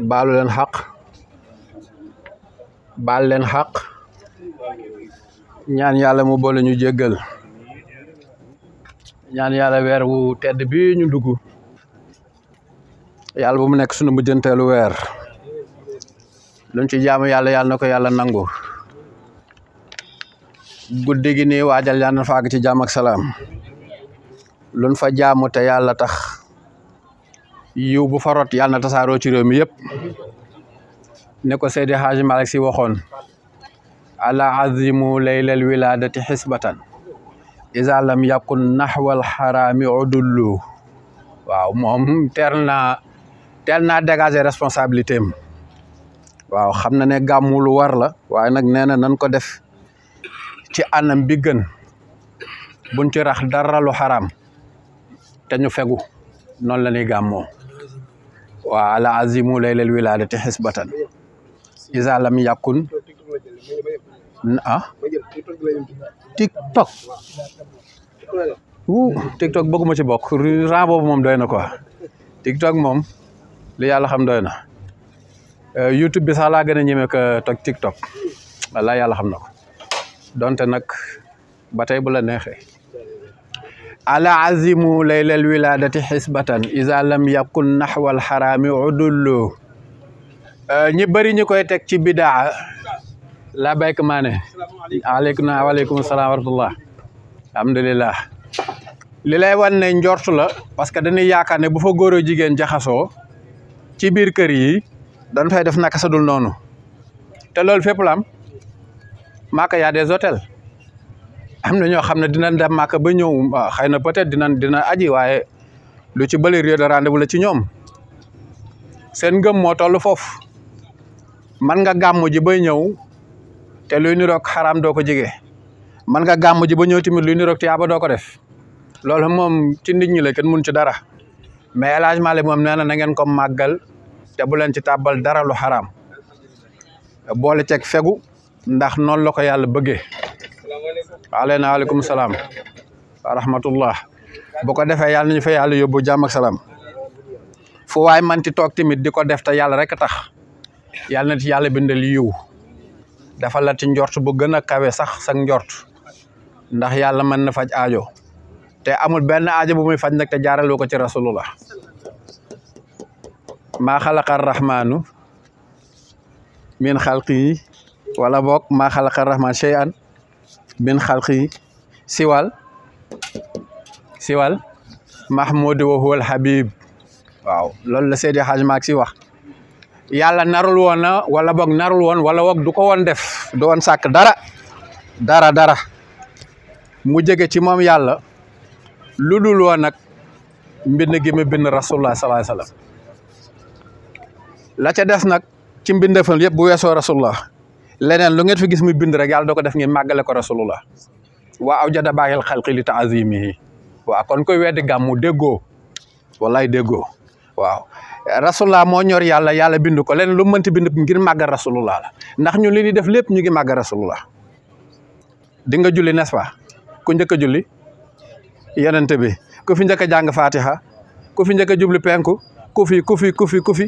baalu leen xaq baal leen xaq ñaan yàlla mu boole ñu jéggal ñaan yàlla weer wu tedd bi ñu dugg yàlla bu mu nekk sunu mujjanteelu weer luñ ci jaamu yàlla yàlla na ko yàlla nangu guddi gi nii waajal yàlla na ci jaam ak salaam luñ fa jaamu te yàlla tax yiw bu fa rot yàlla na tasaaroo ci réew mi yëpp ne ko Seydi Hadji Malick Sy waxoon ala azimu laylal wiladati xisbatan isa lam yakun naxwal xaraami udullu waaw moom teel naa teel naa waaw xam na ne gàmmu lu war la waaye nag nee na ko def ci anam bi gën buñ ci rax dara xaraam te ñu fegu noonu la ñuy gàmmoo wa ala azimu laylal wiladati xisbatan isa lam yakun ah tiktok wuu tiktok bëgguma ci bokk ran boobu moom doy na quoi tiktok moom li yàlla xam doy na euh, youtube bi sax laa gën a ñeme ko toog tiktok yàlla xam na ko donte nag ba tey bu la ala azimu laylal wiladati xisbatan isa lam yakun xaraami udullu ñi bëri ñu koy teg ci bidaa la béyk maa aleykum na waaleykum salaam wa rahmatullah alhamdulilah li lay wan ne la parce que dañuy yaakaar ne bu fa góor jigéen jaxasoo ci biir kër yi dañ fay def naka sadul noonu te loolu fépp la maaka yaa des am na ñoo xam ne dinañ dem màkk ba ñëw xëy na peut-être dinañ dina aji waaye lu ci bëri lieu de rendez la ci ñoom seen ngëm moo toll foofu man nga gàmm ji bay ñëw te luy niroog xaraam doo ko jege man nga gàmm ji ba ñëw tamit luy niroog tiyaaba doo ko def loolu moom ci nit ñi la kenn mun ci dara mais El Hadj Malick moom nee na na ngeen ko màggal te bu leen ci taabal dara lu xaraam boole ceeg fegu ndax noonu la ko yàlla bëggee. alayna alaykum salam rahmatullah bu ko defé yalla ñu fa yalla yobbu jàmm ak salam fu way man ti tok timit diko def ta yalla rek tax yalla na bindal dafa la ci njort bu gëna kawé sax sax njort ndax yalla man na faj aajo te amul ben aajo bu muy faj nak te jaaraloo ko ci rasulullah ma khalaqar rahmanu min khalqi wala bok ma khalaqar rahman shay'an bin xalqi siwal siwal mahmoud wa huwal habib waaw loolu la Seydi Hadj Maag si wax yàlla narul woon wala boog narul woon wala boog du ko woon def du woon sàkk dara dara dara mu jege ci moom yàlla lu dul woon nag mbind gi mu bind rasulullah sallallahu alayhi ca des nag ci mbindefam yëpp bu weesoo rasulullah leneen lu ngeen fi gis muy bind rek yalla doko def ngeen magale ko rasulullah wa awjada jada khalqi li ta'zimihi wa kon koy weddi gamu dego wallahi dego waaw rasulullah mo ñor yalla yalla bind ko leneen lu meunti bind ngir magal rasulullah la ndax ñu li ni def lepp ñu ngi magal rasulullah di nga julli n'est-ce pas ku njëkk julli yenente bi ku fi njëkk jang fatiha ku fi jublu penku ku fi ku fi ku fi ku fi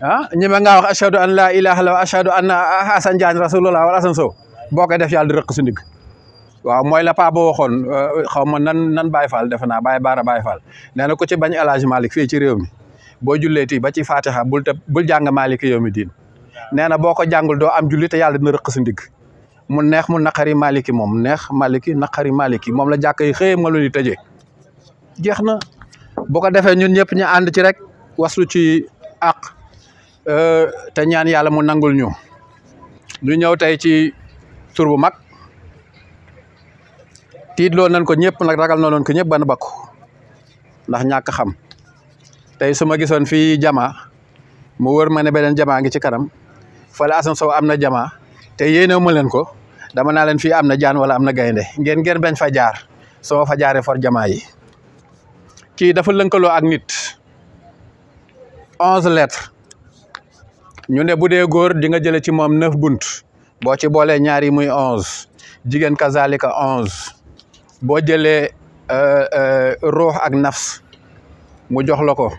ah ñi ma ngaa wax ashadu an laa ilaha illa wa ashadu anna boo koy def yàlla di rëq si ndig waaw mooy la paa boo waxoon euh, xaw ma nan nan Baye Fall defe naa Baye Baara Baye nee na ku ci bañ El Hadj Malick ci réew mi boo ti ba ci faate bul te bul jàng Malick yow mi diin nee na boo ko jàngul doo am julli te yàlla dina rëq si ndig mu neex mu naqari Maliki moom neex Maliki naqari Maliki moom la jàkk yi xëye ma lu jeex na bu ko defee ñun ñëpp ñu ànd ci rek waslu ci àq Euh, te ñaan yàlla mu nangul ñu ñu ñëw tey ci tur bu mag tiitloo nañ ko ñëpp nag ragal na loon ko ñëpp ban bakku ndax ñàkk xam tey su ma gisoon fii jama mu wër ma ne beneen jamaa ngi ci kanam fale Assane Sow am na jama te yéenewu ma leen ko dama naa leen fii am na jaan wala am na gaynde ngeen ngeen bañ fa jaar soo fa jaaree for jamaa yi kii dafa lënkaloo ak nit onze lettres ñu ne bu dee góor di nga jëlee ci moom neuf bunt boo ci boolee ñaar yi muy onze jigéen kazalika onze boo jëlee euh, euh, ruux ak nafs mu jox la ko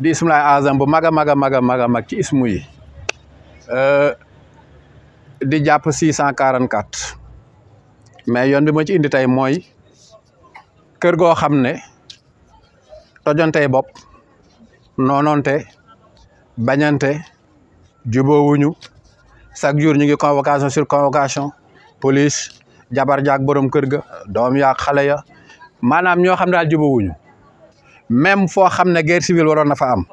di ismulaay azam bu mag a mag a mag a mag a mag ci ismu yi euh, di jàpp six quarante quatre mais yoon bi ma ci indi tey mooy kër goo xam ne tojontey bopp noonoonte Banyante wuñu chaque jour ñu ngi convocation sur convocation police jabar jak borom kër ga doom yaak xalé ya, ya manam ño xam daal wuñu même fo xamné guerre civile waro na fa am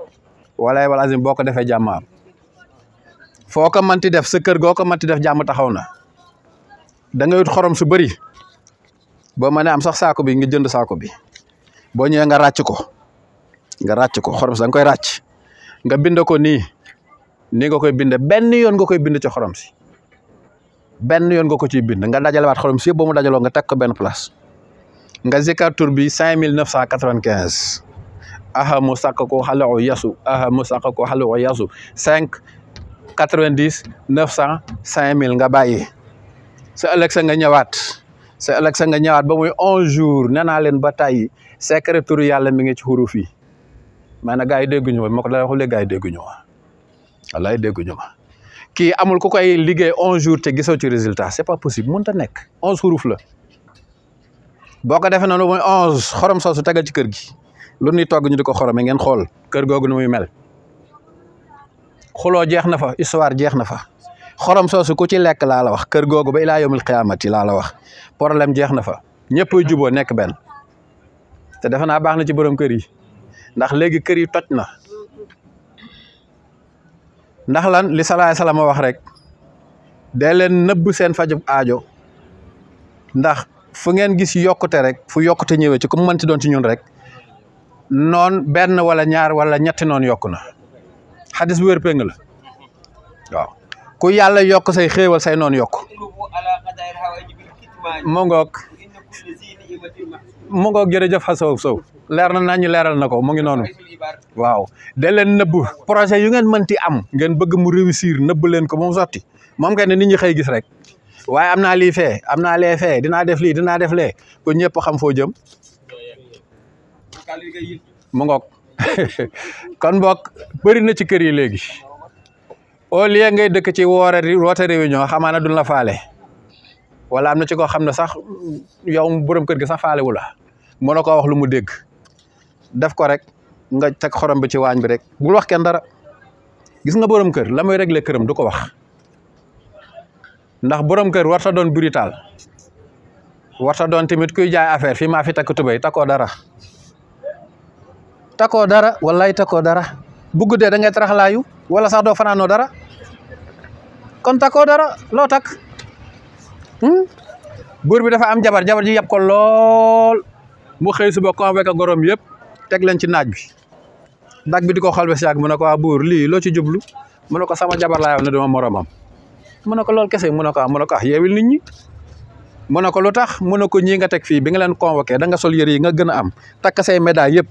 walay wal azim boko défé defee jàmm ko manti def sa kër goko manti def jamm taxaw na da ngay xorom su bari bo mané am sax saako bi nga jënd saako bi bo ñëw nga ràcc ko nga ko xorom sa ngoy nga bind ko nii ni nga koy bind benn yoon nga koy bind ci xorom si benn yoon nga ko ciy bind nga dajalewaat xorom si yëpp mu dajaloo nga teg ko benn place nga zikar tur bi cinq mille neuf cent quatre-vingt-quinze aha mu ko xalaxu yasu aha mu ko xalaxu yasu cinq quatre-vingt-dix neuf cent cinq mille nga bàyyi sa ëllëg sa nga ñëwaat sa ëllëg sa nga ñëwaat ba muy onze jours nee naa leen ba tàyyi secret turu yàlla mi ngi ci xuruf yi mais nag gars yi dégguñu ma bi ma ko dalay wax léegi gars yi dégguñu ma wallaay kii amul ku koy liggéey onze jours te gisoo ci résultat c'est pas possible mënut a nekk onze xuruuf la boo ko defee noonu mooy onze xorom soosu tegal ci kër gi lu ñuy togg ñu di ko xorome ngeen xool kër googu nu muy mel xuloo jeex na fa histoire jeex na fa xorom soosu ku ci lekk laa la wax kër googu ba ilaa yomul xiyaamati laa la wax problème jeex na fa ñëpp juboo nekk benn te defe naa baax na ci borom kër yi. ndax léegi kër yi toj na ndax lan li salaay salaam wax rek dee leen nëbb seen fajub aajo ndax fu ngeen gis yokkute rek fu yokkute ñëwee ci comme mënti doon ci ñun rek noon benn wala ñaar wala ñetti noon yokku na xadis bu wér la ku yàlla yokk say xéewal say noon yokk mu mu ngoog jërëjëf Xasaw Sow leer na nañu leeral na ko mu ngi noonu waaw de leen nëbb projet yu ngeen mënti am ngeen bëgg mu réussir nëbb leen ko moom sotti moom kay ne nit ñi xëy gis rek waaye am naa lii fee am na lee fee dinaa def lii dinaa def lee ko xam foo jëm mu kon boog bëri na ci kër yi léegi au lieu ngay dëkk ci woore woote réunion xamaa na duñ la faale wala am na ci koo xam ne sax yow borom kër gi sax faalewu la mën na koo wax lu mu dégg def ko rek nga teg xorom bi ci waañ bi rek bul wax kenn dara gis nga borom kër la muy régler këram du ko wax ndax borom kër warta doon brutal warta doon tamit kuy jaay affaire fii maa fi takk tubéy takkoo dara takkoo dara wallaay takkoo dara bu guddee da ngay taraxlaayu wala sax doo fanaanoo dara kon takkoo dara loo takk Hmm? bur bi dafa am jabar jabar ji yab ko lol mu su bokk avec gorom yeb tek len ci naaj bi dag bi diko xalbe ci ak mu nako ah, ci jublu mu nako sama jabar la yow na duma moromam mu nako lol kesse mu nako ah, mu nako ah, yewil nit ñi mu nako lutax mu nako ñi nga tek fi bi nga len convoquer da nga sol yeri nga gëna am tak say médaille yeb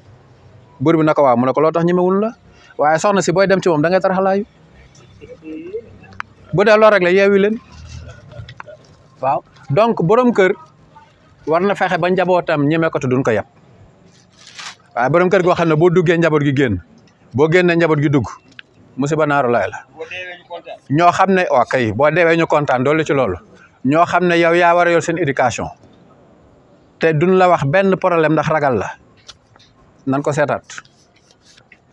bur bi nako wa mu nako lutax loo la waye soxna si boy dem ci mom da nga taraxlaayu bu dee lo rek la len waaw donc borom kër war na fexe ba njabootam ñeme ko te duñ ko yab waaye borom kër goo xam ne boo duggee njaboot gi génn boo génnee njaboot gi dugg musiba naaru laay la xam ne waaw kay boo deewee ñu kontaan doole ci loolu ñoo xam ne yow yaa war a seen éducation te duñ la wax benn problème ndax ragal la nan ko seetaat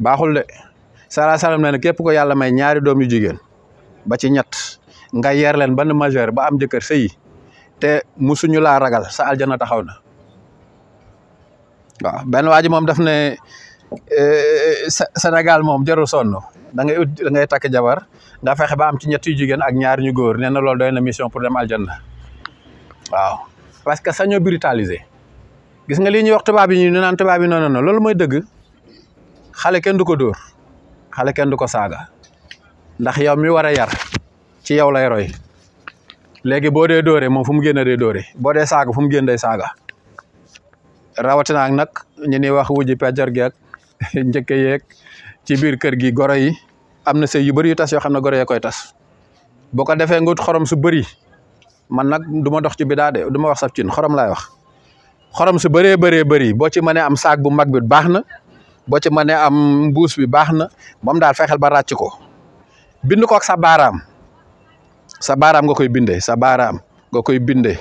baaxul de sala salam nee na képp ko yàlla may ñaari doom yu jigéen ba ci ñett nga yeer leen ba ban majeur ba am jëkkër sëyi te musuñu la ragal sa aljana taxawna na ben waji mom ji moom daf ne eh, Sénégal mom jarul sonn da ngay da ngay tak jabar da fexé ba am ci ñetti jigen ak ñaar ñu goor nee na loolu doy mission pour dem aljana waaw parce que sañoo brutaliser gis nga li ñu wax tuba bi ñu nane tuba bi non non lool moy dëgg xalé kën du ko du ndax yow mi wara yar ci yow lay roy léegi boo dee dóore moom fu mu génn dee dóore boo dee saaga fu mu génn day saaga rawatina ak nag ñu ni wax wujji peccar gi ak njëkke yeeg ci biir kër gi goro yi am na sëy yu bëri yu tas yoo xam ne goro yee koy tas boo ko defee nguut xorom su bëri man nag du dox ci bidaa de du ma wax saf cin xorom laay wax xorom su bëree bëree bëri boo ci mënee am saak bu mag bi baax na boo ci mënee am mbuus bi baax na moom daal fexeel ba ràcc ko bind kok ak sa baaraam sa baaraam nga koy bindee sa baaraam nga koy bindee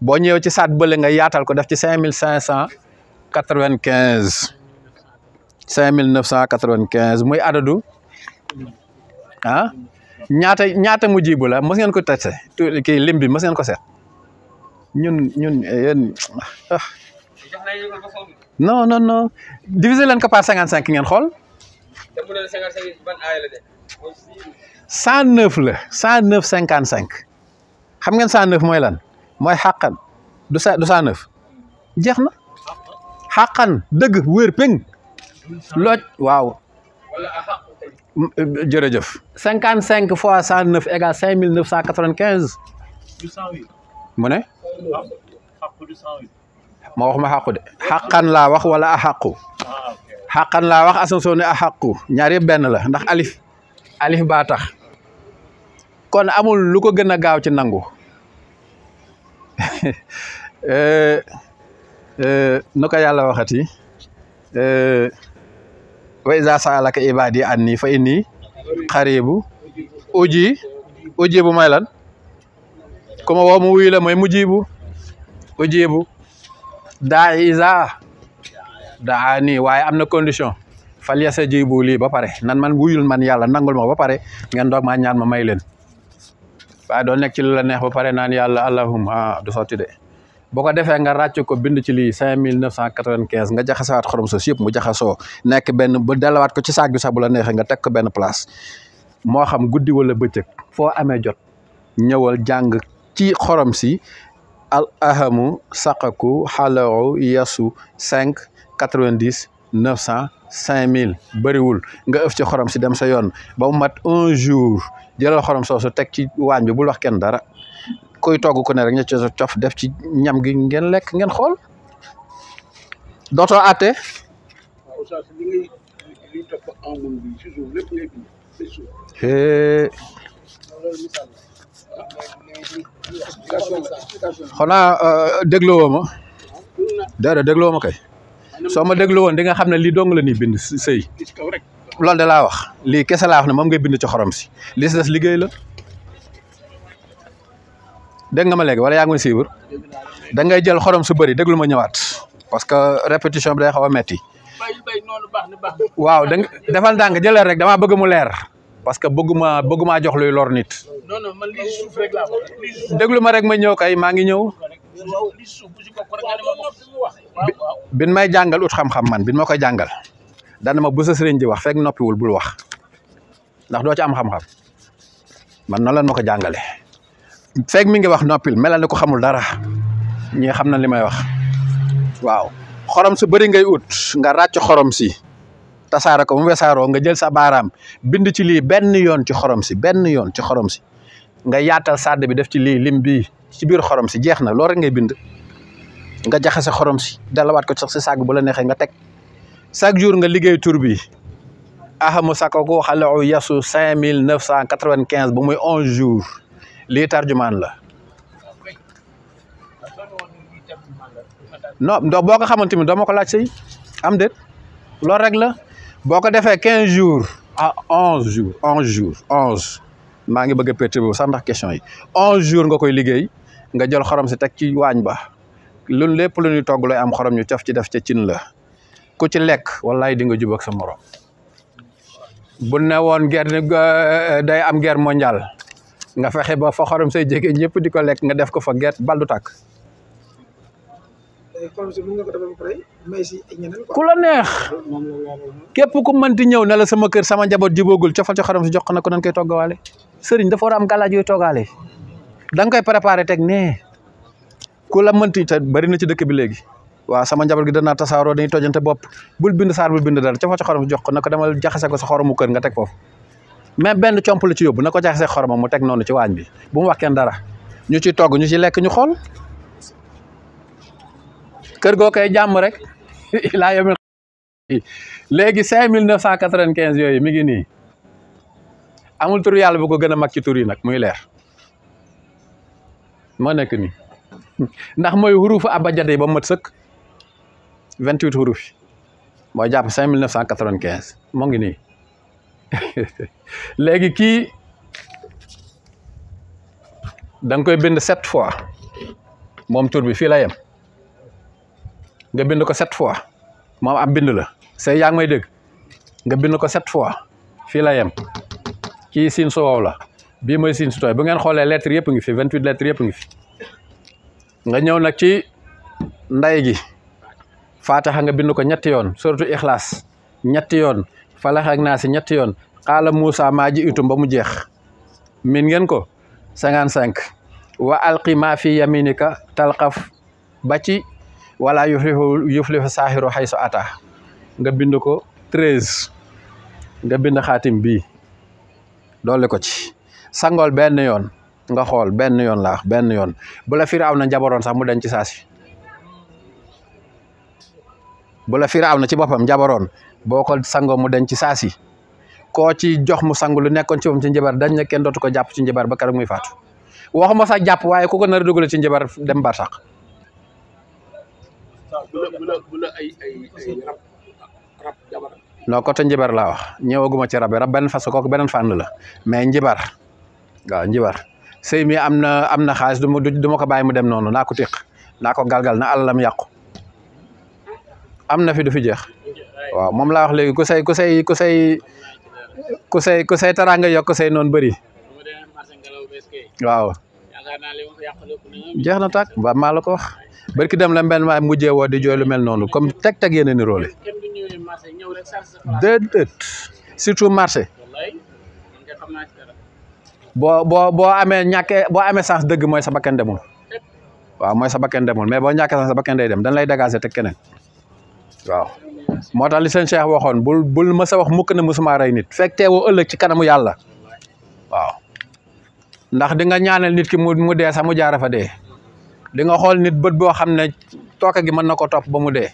boo ñëwee ci saat bale nga yaatal ko def ci cinq mille cinq cent quatre vingt quinze cinq mille neuf cent quatre vingt quinze muy adadu ah ñaata ñaata mu jiibu la mos ngeen ko tese kii lim bi mos ko seet ñun ñun yéen ah. non non non diviser leen ko par cinquante cinq ngeen xool. cent neuf la cent neuf cinquante cinq xam ngeen cent neuf mooy lan mooy xàqan du sa du cent neuf jeex na xàqan dëgg wér péng looj cinquante cinq fois cent neuf égale cinq mille neuf cent quatre vingt quinze mu ma wax ma xàqu de xàqan laa wax wala a xàqu xàqan laa wax asanso ne a xàqu ñaar yëpp benn la ndax alif alif tax kon amul lu ko gën a gaaw ci nangu eh, eh, nu ko yàlla waxati eh, wa iza saalaka ibadi anni fa inni xaribu uji ujibu may lan ku ma woo mu wuyu la mooy mujibu ujibu daa iza daa nii waaye am na condition fal yasa lii ba pare nan man wuyul man yàlla nangul ma ba pare ngeen doog maa ñaan ma may waaye doo nekk ci la neex ba pare naan yàlla a du sotti de boo ko defee nga ràcc ko bind ci li cinq mille neuf cent quatre nga jaxasawaat xorom sa si yëpp mu jaxasoo nekk benn ba delawaat ko ci saag bi sax bu la neexe nga teg ko benn place moo xam guddi wala bëccëg foo amee jot ñëwal jàng ci xorom si al ahamu saqaku xalawu yasu cinq quatre-vingt-dix neuf cent cinq mille bëriwul nga ëf ci xorom si dem sa yoon ba mu mat un jour jëlal xorom soosu teg ci waañ bi bul wax kenn dara koy togg ko ne rek ña ci cof def ci ñam gi ngeen lekk ngeen xool dootoo àtte xanaa euh, dégloo ma dara dégloo ma kay soo ma déglu woon di nga xam ne li dong la ñuy bind sëy loolu de laa wax lii kese laa wax ne moom ngay bind ci xorom si li si liggéey la dégg nga ma léegi wala yaa ngi may suivre da ngay jël xorom su bëri déglu ma ñëwaat parce que répétition bi day xaw a metti waaw da nga defal ndànk jëlal rek damaa bëgg mu leer parce que bëgguma bëggumaa jox luy lor ma rek ma ñëw kay maa ñëw bin may jàngal ut xam-xam man bin ma koy jàngal dana ma bu sa sëriñ di wax fekk noppiwul bul wax ndax doo ci am xam-xam man noonu lan ma jàngale fekk mi ngi wax noppil melal ni ko xamul dara ñi xam na li may wax waaw xorom su bëri ngay ut nga ràcc xorom si tasaare ko mu wesaaroo nga jël sa baaraam bind ci lii benn yoon ci xorom si benn yoon ci xorom si nga yaatal sadde bi def ci li lim bi ci biir xorom si jeexna lo rek ngay bind nga jaxase xorom si dalawat ko sax ci sag bu la nexe nga tek sag jour nga liggey tour bi ahamu sakoko khalu yasu 5995 bu muy 11 jour li tarjuman la no do boko xamanteni do mako laaj sey am det lo rek la boko defé 15 jours à 11 jours 11 jours 11 maa ngi bëgg a pété bu sax ndax question yi onze jours nga koy liggéey nga jol xorom si teg ci waañ ba loolu lépp lu ñuy togg lay am xorom ñu cof ci def ca cin la ku ci lekk wallaay di nga jub sa morom bu ne woon guerre day am guerre mondiale nga fexe ba fa xorom say jege ñëpp di ko lekk nga def ko fa guerre bal du ku la neex képp ku mënti ñëw ne la sama kër sama njaboot jubóogul cofal ci xorom si jox ko na ko nan koy toggawaale sëriñ dafa war a am gàllaaj yooyu toogaale da koy préparé teg nee ku la mënti te bari na ci dëkk bi léegi waaw sama njaboot gi danaa tasaaroo dañuy tojante bopp bul bind saar bul bind dara ca fa ca jox ko na ko demal jaxase ko sa xoromu kër nga teg foofu mais benn comp la ci yóbbu na ko jaxase xoromam mu teg noonu ci waañ bi bu mu wax kenn dara ñu ci togg ñu ci lekk ñu xool kër goo koy jàmm rek laa yemul léegi cinq mille neuf cent quatre-vingt-quinze yooyu mi ngi nii amul tur yalla bu ko gëna makki mag ci tur yi nag muy leer mo nek ni ndax moy hurufu abajade ba mat sëkk 28 huruf xuruf japp 5995 mo ngi ni legi ki dang koy bind 7 fois mom tur bi fi la yam nga bind ko 7 fois mom am bind la sey yaa may deug nga bind ko 7 fois fi la yam ki sin so wala bi moy sin toy bu ngeen xolé lettre yep ngi fi 28 lettre yep ngi fi nga ñew nak ci nday gi fataha nga bindu ko ñett yoon surtout ikhlas ñett yoon falah ak naasi ñett yoon qala musa maa ji itum ba mu jeex min ngeen ko 55 wa alqi ma fi yaminika talqaf ba ci wala yuflihu yuflihu sahiru haythu ata nga bindu ko 13 nga bind khatim bi dolli ko ci sangool benn yoon nga xool benn yoon laax benn yoon bu la firaaw na njabaroon sax mu denc saa si bu la na ci boppam njabaroon boo ko sangoo mu denc saa si koo ci jox mu sangu lu nekkoon ci moom ci njabar dañ ne kenn dootu ko jàpp ci njabar ba keroog muy faatu waxuma sax jàpp waaye ku ko nar a dugal ci njabar dem bar sax bu non côté njibar la wax ñëwaguma ci rabbe rabben benn fas ko benen fan la mais njibar ga njibar sey mi amna amna am duma duma ko mu dem nonu nako nako galgal na allah lam Amna amna fi du fi jeex wa mom la wax legi ku sey ku sey ku sey ku sey ku say taraanga yokk sey non beuri waaw jeexna tak ba malako wax barki dem la mel maa mujjewo di mel nonu comme tek tek déedéet surtout marché boo boo boo amee ñàkkee boo amee sens dëgg mooy sa bakkan demul waaw mooy sa bakkan demul mais boo ñàkkee sens sa bakkan day dem dañ lay dégager teg keneen waaw moo tax li seen Cheikh waxoon bul bul mës a wax mukk ne mësuma rey nit fekk teewoo ëllëg ci kanamu yàlla waaw ndax di nga nit ki mu mu dee sax mu jaara fa dee di nga xool nit bët boo xam ne tooke gi mën na ko topp ba mu dee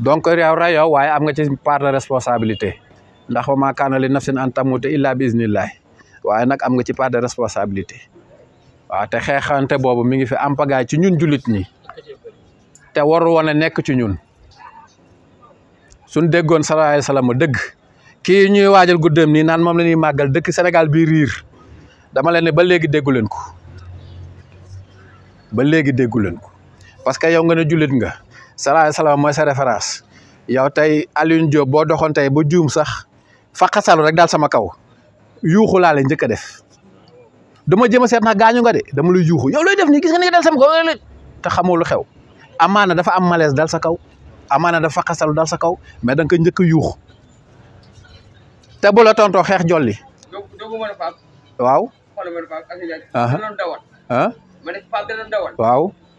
donc yow ra yow waaye am nga ci part de responsabilité ndax wa maa kaana li nafsin an tamuuta illaa bi iznillaahi waaye nag am nga ci part de responsabilité waaw te xeexante boobu mi ngi fi am pagaay ci ñun julit ni te waru woon a nekk ci ñun suñ déggoon salallaahu alayhi wa sallam dëgg kii ñuy waajal guddeem nii naan moom la ñuy màggal dëgg Sénégal bii riir dama leen ne ba léegi déggu leen ko ba léegi déggu leen ko parce que yow nga ne julit nga salaay salaam mooy sa référence yow tey Alioune Diop boo doxoon tey ba juum sax faqasalu rek daal sama kaw yuuxu laa la njëkk a def dama jéem a seet na gaañu nga de dama luy yuuxu yow looy def nii gis nga ni nga dal sama kaw te xamoo lu xew amaana dafa am malaise dal sa kaw amaana dafa faqasalu dal sa kaw mais da nga ko njëkk a yuuxu te bu la xeex jolli. waaw. Ah. Ah. waaw.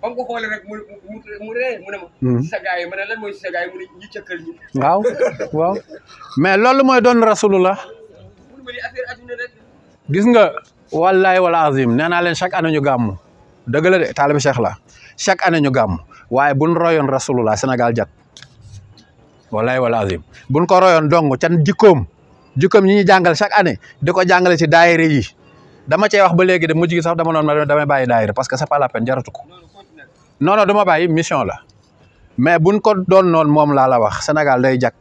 bam ko xoolee rek mu mu ree mu ne hmm. sa gaay ma lan mooy sa gaay mu ñu waaw waaw mais loolu rasulullah. gis nga wallahi wala azim nee naa leen chaque année ñu gàmm dëgg la de taalibi cheikh la chaque année ñu buñ rasulullah senagal jat wallahi wala azim buñ ko royoon dong can jikkoom jikkoom ñi ñuy jàngal chaque année di ko jàngale ci daayira yi dama cee wax ba léegi de mujj gi sax dama noon ma daayira parce que c'est pas la peine jaratu noono non duma mission la mais buñ ko doon noon moom laa la wax Sénégal day jag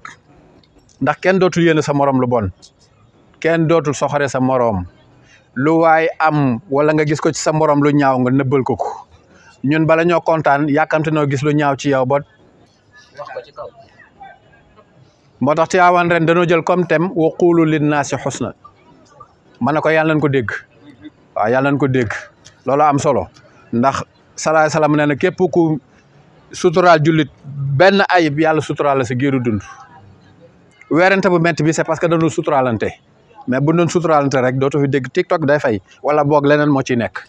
ndax kenn dootul yéene sa moroom lu bon kenn dootul soxore sa moroom lu waay am wala nga gis ko ci sa moroom lu ñaaw nga nëbbal ko ko ñun bala ñoo kontaan yàkkamte noo gis lu ñaaw ci yaw ba moo tax Tiwaawan ren dañoo jël comme thème wa quulu linnaasi xusna ma ne ko yàlla nañ ko dégg waaw yàlla ko dégg loolu am solo ndax salaay salaam nee na képp ku suturaal jullit benn ayib yàlla suturaal la sa géeru dund weerante bu métti bi c'est parce que dañu suturaalante mais bu doon suturaalante rek dootu fi dégg TikTok day fay wala boog leneen moo ciy nekk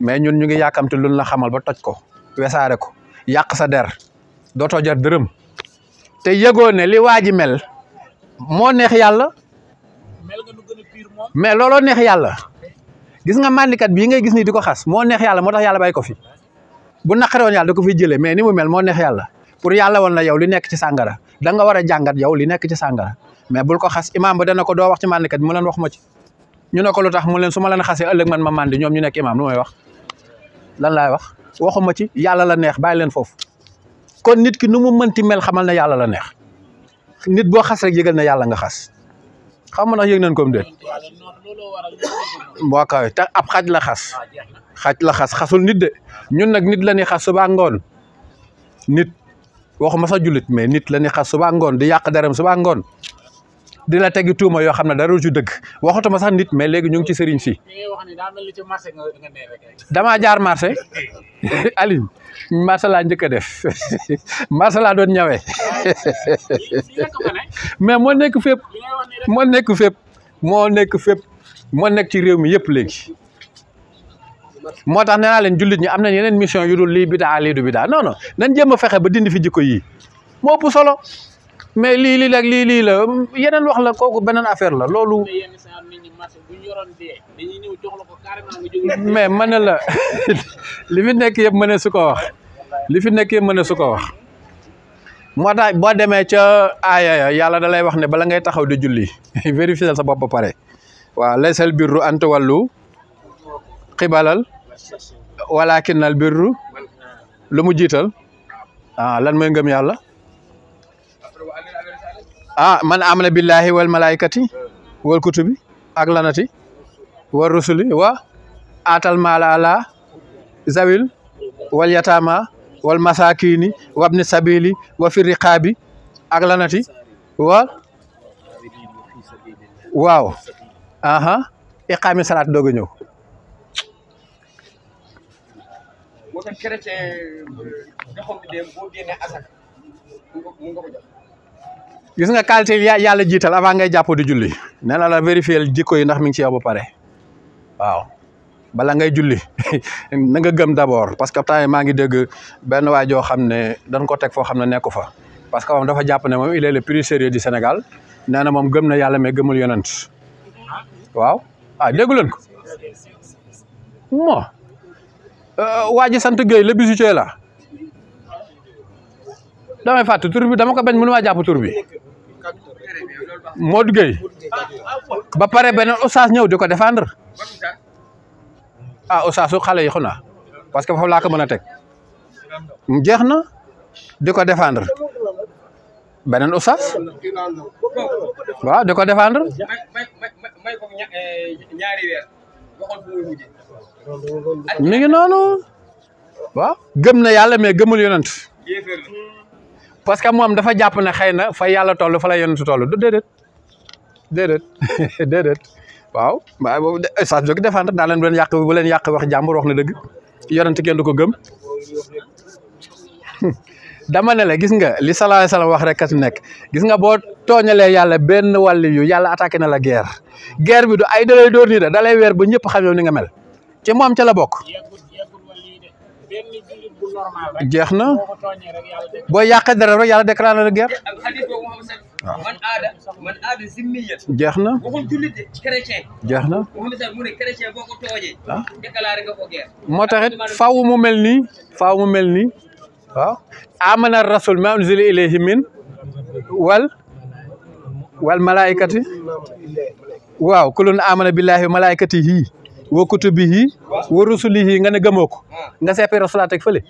mais ñun ñu ngi yàkkamte luñ la xamal ba toj ko wesaare ko yàq sa der dootoo jar dërëm te yëgoo ne li waa ji mel moo neex yàlla mais looloo neex yàlla gis nga màndikat bii ngay gis ni di ko xas moo neex yàlla moo tax yàlla bàyyi ko fi bu naqare woon yàlla da ko fiy jëlee mais ni mu mel moo neex yàlla pour yàlla woon la yow li nekk ci sàngara danga nga war a jàngat yow li nekk ci sàngara mais bul ko xas imaam ba dana ko doo wax ci màndikat bi mu leen wax ma ñu ne ko lu tax mu leen su ma leen xasee ëllëg man ma màndi ñoom ñu nekk imaam lu may wax lan laay wax waxuma ci yàlla la neex bàyyi leen foofu kon nit ki nu mu mënti mel xamal na yàlla la neex nit boo xas rek yëgal na yàlla nga xas xam nga ndax yëg nañ ko mbookaay te ab xaaj la xas ah, xaj la xas xasul nit de ñun nag nit la ñuy xas suba ngoon nit waxuma sa julit mais nit la ñuy xas suba ngoon di yàq deram suba ngoon di la tegi tuuma yoo xam ne dara ju dëgg waxatuma sax nit mais léegi ñu ngi ci sëriñ si dama jaar marché Aliou marché laa njëkk a def marché doon ñawee mais moo nekk fépp moo nekk fépp moo nekk fépp mo nek ci rew mi yep legi motax tax len julit ñi amna yenen mission yu dul li bida lii du bida non non nañ jéem fexé ba dindi fi jikko yi mo pu solo mais li li rek li li la yenen wax la koku benen affaire la lolu mais ma la limi nek yep mané suko wax li fi nek yep mané suko wax motax bo démé ci ca aaya ya yàlla da lay wax ne bala ngay taxaw de julli vérifier sa bop ba pare. waaw laysal birru an tuwallu qibalal walaakinnal birru lu mu jiital ah lan mooy ngëm yàlla ah man amana billahi wal malaikati wal kutubi ak lanati war rusuli wa atal maala ala zawil wal yatama wal masakini wabni sabili wa fi riqabi ak lanati wa waaw aha iqami salat dogu a mo tan doon chrétien joxom bi dem bo génnee asak mu nga ko jox gis nga qualité yàlla ya jiital avant ngay jàpp di julli nee na la vérifier jikko yi ndax mi ngi ci yow ba paré waaw bala ngay julli na nga gëm d'abord parce que tay ma ngi dégg ben way jo xamné dañ ko tek fo xamné neeku fa parce que mom dafa japp né mom il est le plus sérieux du Sénégal nee mom gëm na yalla mais gëmul yonent waaw ah déggu leen ko mo euh, waa ji sant Guèye la bisu la damay fàtte tur bi dama ko bañ mënu maa jàpp tur bi Modou Guèye ba pare beneen oustaz ñëw di ko défendre ah oustaz xale yi xuna parce que foofu laa ko mën a teg jeex na di ko défendre beneen oustaz waaw di ko Eh, mi ngi noonu. waaw gëm na yàlla mais gëmul yonent parce que moom dafa jàpp na xëy na fa yàlla toll fa la yonent toll du déedéet déedéet déedéet waaw waaye boobu eh, saa jóg défendre daa leen bu leen yàq bu leen yàq wax jàmbur wax na dëgg yonent kenn du ko gëm dama ne la gis nga li sallallahu alayhi wasallam wax rek ci nekk gis nga bo toñale yalla ben walli yu yalla attaqué na la guerre guerre bi du ay dalay dóor ni da dalay wer ba ñepp xam yow ni nga mel ci mom ci la bok jeexna bo boo dara rek yalla déclarer na la guerre man ada man ada zimmiyat waxul julit chrétien mu ne chrétien nga ko guerre taxit faaw mu faaw mu waaw amana rasul ma unzila ilayhi min wal wal malaikati waaw kulun amana billahi wa malaikatihi wa kutubihi wa rusulihi nga ne gëmoo ko nga seppi rasulaat ak fële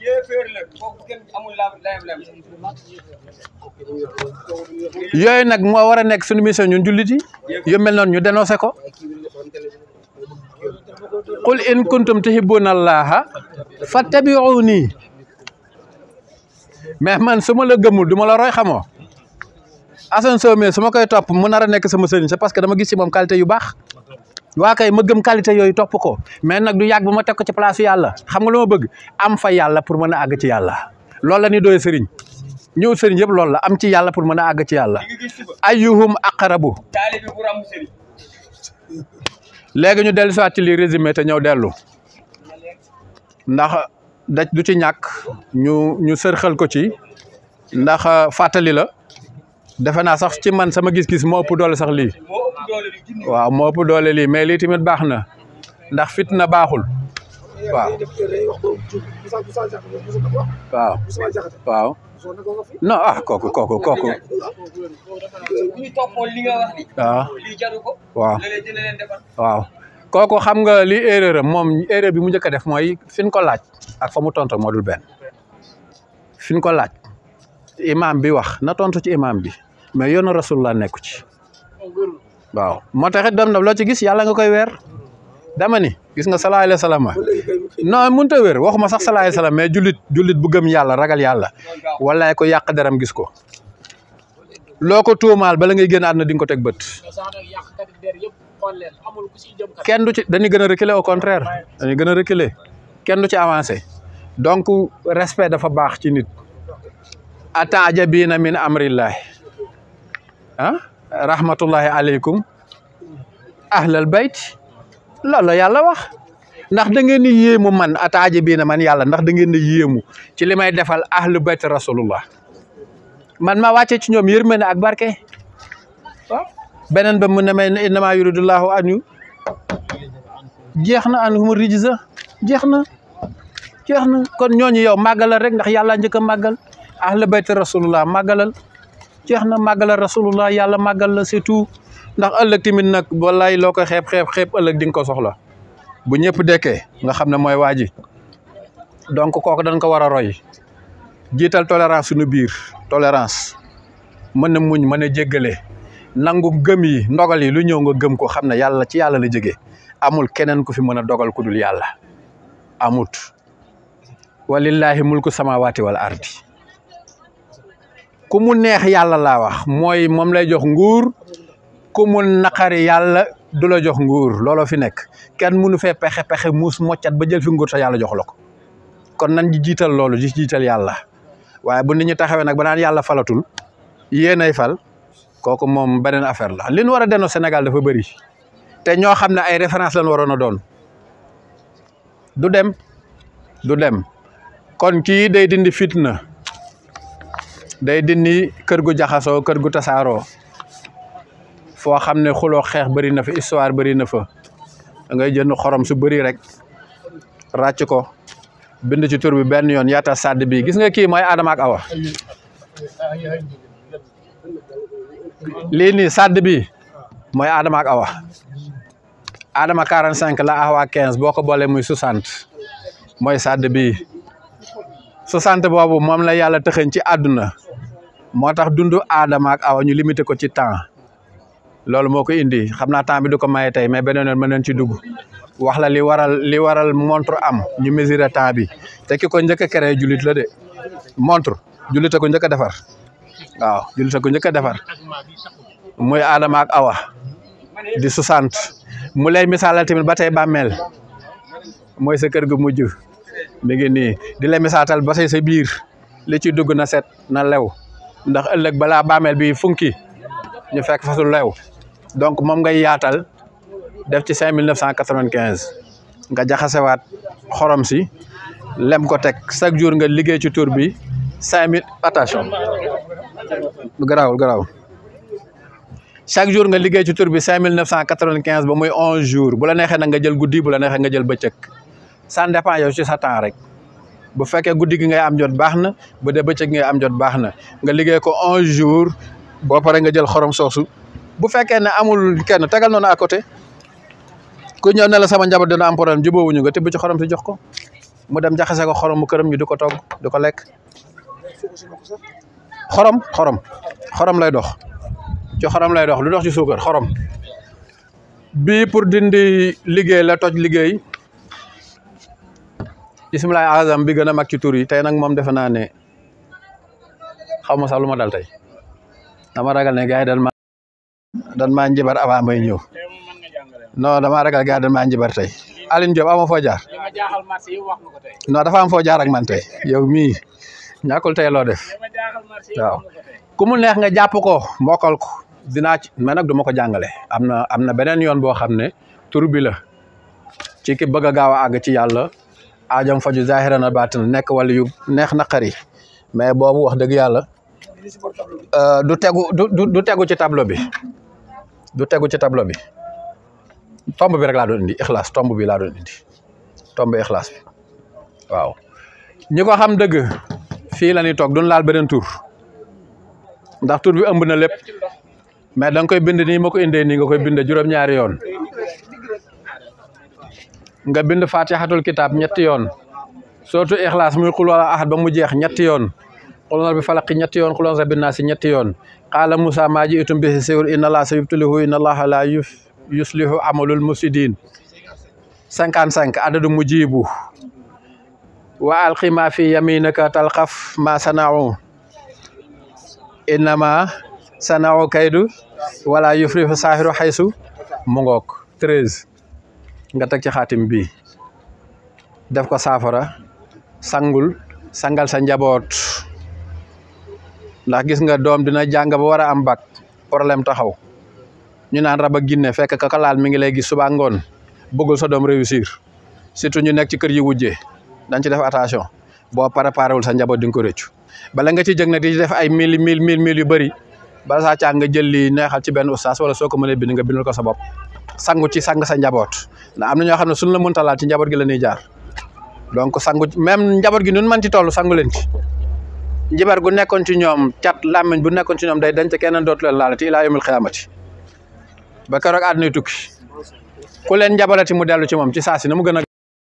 yooyu nag moo war a nekk suñu mission ñun jullit yi yu mel noonu ñu dénoncé ko qul in kuntum tuhibbuna allaha fattabi'uni mais man su ma la gëmul du ma la roy xamoo Assane Somé su ma koy topp mu nar a nekk sama sëriñ c'est parce que dama gis ci moom qualité yu baax waa kay ma gëm qualité yooyu topp ko mais nag du yàgg ba ma teg ko ci place yàlla xam nga lu ma bëgg am fa yàlla pour mën a àgg ci yàlla loolu la ni doy sëriñ ñëw sëriñ yëpp loolu la am ci yàlla pour mën a àgg ci yàlla ayyuhum aqrabu léegi ñu dellu siwaat ci li résumé te ñëw dellu ndax daj du ci ñàkk ñu ñu sërxal ko ci ndax ah, fàttali la defe naa sax ci man sama gis-gis moo ëpp doole sax lii waaw moo ëpp doole lii mais lii tamit baax na ndax fitna baaxul waaw waaw waaw non ah kooku kooku kooku kooku xam nga li erreur am moom erreur bi mu njëkk a def mooy fi ñu ko laaj ak fa mu tontu moo ko laaj bi wax na tonto ci imam bi mais yoonu rasulullah nekku ci waaw moo taxit doom na loo ci gis yàlla nga koy dama ni gis nga salaahu alayhi wa salaam non mënut a wér waxuma sax salaahu alayhi wa salaam mais jullit jullit bu gëm yàlla ragal ko yàq deram gis ko loo ko bala ngay génn àdduna ko kenn du ci dañuy gën a reculer au contraire dañuy gën a reculer kenn du ci avancer donc respect dafa baax ci nit ataajabiina min amrillahi ah rahmatullahi aleykum ahlal bayt loolu yàlla wax ndax da ngeen di yéemu man ataaja bii na man yàlla ndax da ngeen di yéemu ci li may defal ahlu bayt rasulullah man ma wàccee ci ñoom yërmande ak barke waaw beneen ba mu ne may innamaa yuridullahu an yu jeex na an humu rijza jeex na jeex na kon ñooñu yow màggalal rek ndax yàlla njëkk a màggal ahla bayti rasulullah màggalal jeex na màggalal rasulullah yàlla màggal la c'est ndax ëllëg tamit nag wallaay loo ko xeep xeep xeeb ëllëg di nga ko soxla bu ñëpp dekkee nga xam ne mooy waa ji donc kooku dañ ko war a roy jiital tolérance suñu biir tolérance mën na muñ mën a jéggale nangu gëm yi ndogal yi lu ñëw nga gëm ko xam ne yàlla ci yàlla la jógee amul keneen ku fi mën a dogal ku dul yàlla amut walillahi mulku samawaati wala ardi ku mu neex yàlla laa wax mooy moom lay jox nguur ku mu naqari yàlla du la jox nguur looloo fi nekk kenn mënu fee pexe pexe muus moccat ba jël fi nguur te yàlla jox la ko kon nan ji jiital loolu ji jiital yàlla waaye bu nit ñi taxawee nag ba naan yàlla falatul yéenay fal koku mom benen affaire la liñ wara war a Sénégal dafa bëri té ño xamné ay référence lañ waroon doon du dem du dem kon ki day dindi fitna day dindi kër gu jaxaso kër gu tassaro fo xamné xulo xex na fa histoire bëri na fa ngay jënd xorom su bëri rek racc ko bind ci tour bi ben yon yata sàdd bi gis nga ki moy adam ak Awa lii nii bi mooy Adama ak Awa quarant 45 la wa 15 boo ko boolee muy 60 mooy sàdd bi 60 boobu moom la yàlla tëxëñ ci àdduna moo tax dundu Adama ak Awa ñu limité ko ci temps loolu moo ko indi xam naa temps bi du ko maye tey mais beneen yoon mën nañ ci dugg wax la li waral li waral montre am ñu mesurer temps bi te ki ko njëkk a créé la de montre jullit ko njëkk defar. waaw jullit ko njëkk a defar muy Adama ak Awa di 60 mu lay misaalal tamit ba tey bàmmeel mooy sa kër gu mujj mi ngi nii di lay misaatal ba tey sa biir li ci dugg na set na lew ndax ëllëg balaa bàmmeel bi funki ñu fekk fa su lew donc moom ngay yaatal def ci mille cent 5995 nga jaxasewaat xorom si lem ko teg chaque jour nga liggéey ci tur bi 5000 attention garaawul garaawul chaque jour nga liggéey ci tur bi cinq mille neuf cent quatre vingt quinze ba muy onze jours bu la neexee nag nga jël guddi bu la neexee nga jël bëccëg ça yow ci sa temps rek bu fekkee guddi gi ngay am jot baax na bu dee bëccëg ngay am jot baax na nga liggéey ko onze jours boo paree nga jël xorom soosu bu fekkee ne amul kenn tegal noonu à côté ku ñëw ne la sama njaboot dina am problème jubóowuñu nga tibb ci xorom si jox ko mu dem jaxase ko xorom mu këram ñu di ko togg di ko lekk. xorom xorom xorom lay dox ci xorom lay dox lu dox ci suukar xorom bii pour dindi liggéey la toj liggéey bisimilah azam bi gën a mag ci tur yi tey nag moom defe naa ne xaw ma sax lu ma dal tey dama ragal ne gars yi dan ma dan maa njibar avant may no non dama ragal gars yi dan maa njibar tey Aline Diop amoo foo jaar non dafa am foo jaar man tey yow mi ñàkkul tey loo def waaw ku mu neex nga jàpp ko mbokkal ko dinaa ci man nag du ma ko jàngale am na am na beneen yoon boo xam ne tur bi la ci ki bëgg a gaaw a ci yàlla aajam faju zaahirana baatina nekk wala yu neex na naqari mais boobu wax dëgg yàlla euh, du tegu du tegu ci tableau bi du tegu ci tableau bi tomb bi rek laa doon indi ixlaas tomb bi laa doon indi tomb ixlaas bi waaw xam dëgg fii la ñuy toog duñ laal beneen tur ndax tour bi ëmb na lepp mais dang koy bind ni mako ko ni nga koy bind juroom ñaari yoon nga bind fatihatul kitab ñett yoon surtout ikhlas muy qul wala ahad ba mu jeex ñett yoon xulonal bi falaq ñett yoon qul sa binnaas ñett yoon qala musa ma ji'tum bihi sayyul inna la sa inna allaha la yuslihu amalul musidin 55 adadu mujibu wa alqima fi yaminaka talqaf ma sana'u innama sanao kaydu wala yufrifu saahiru xaysu mu ngoog treize nga teg ci xaatim bi def ko saafara sangul sangal sa njaboot ndax gis nga doom dina jàng ba war a am bac problème taxaw ñu naan rab ak ginne fekk ka kalaal mi ngi lay gis suba ngoon bëggul sa doom réussir surtout ñu nekk ci kër yi wujje dañ ci def attention boo para wul sa njaboot ding ko reccu bala nga ci jëg di def ay mil mil mil mil yu bari bala sa caa nga jël li neexal ci ben oustaz wala soko ko bind nga bindul ko sa bop sangu ci sang sa njabot na amna ño xamne suñu la mënta laal ci njabot gi la ni jaar donc sangu même njabot gi nun man ci tollu sangu len ci njibar gu nekkon ci ñom chat lamagn bu nekkon ci ñom day dañ kenen dot la leen laalati ilaa yomul ba karok àdduna tukki ku len njabalati mu delu ci mom ci saa na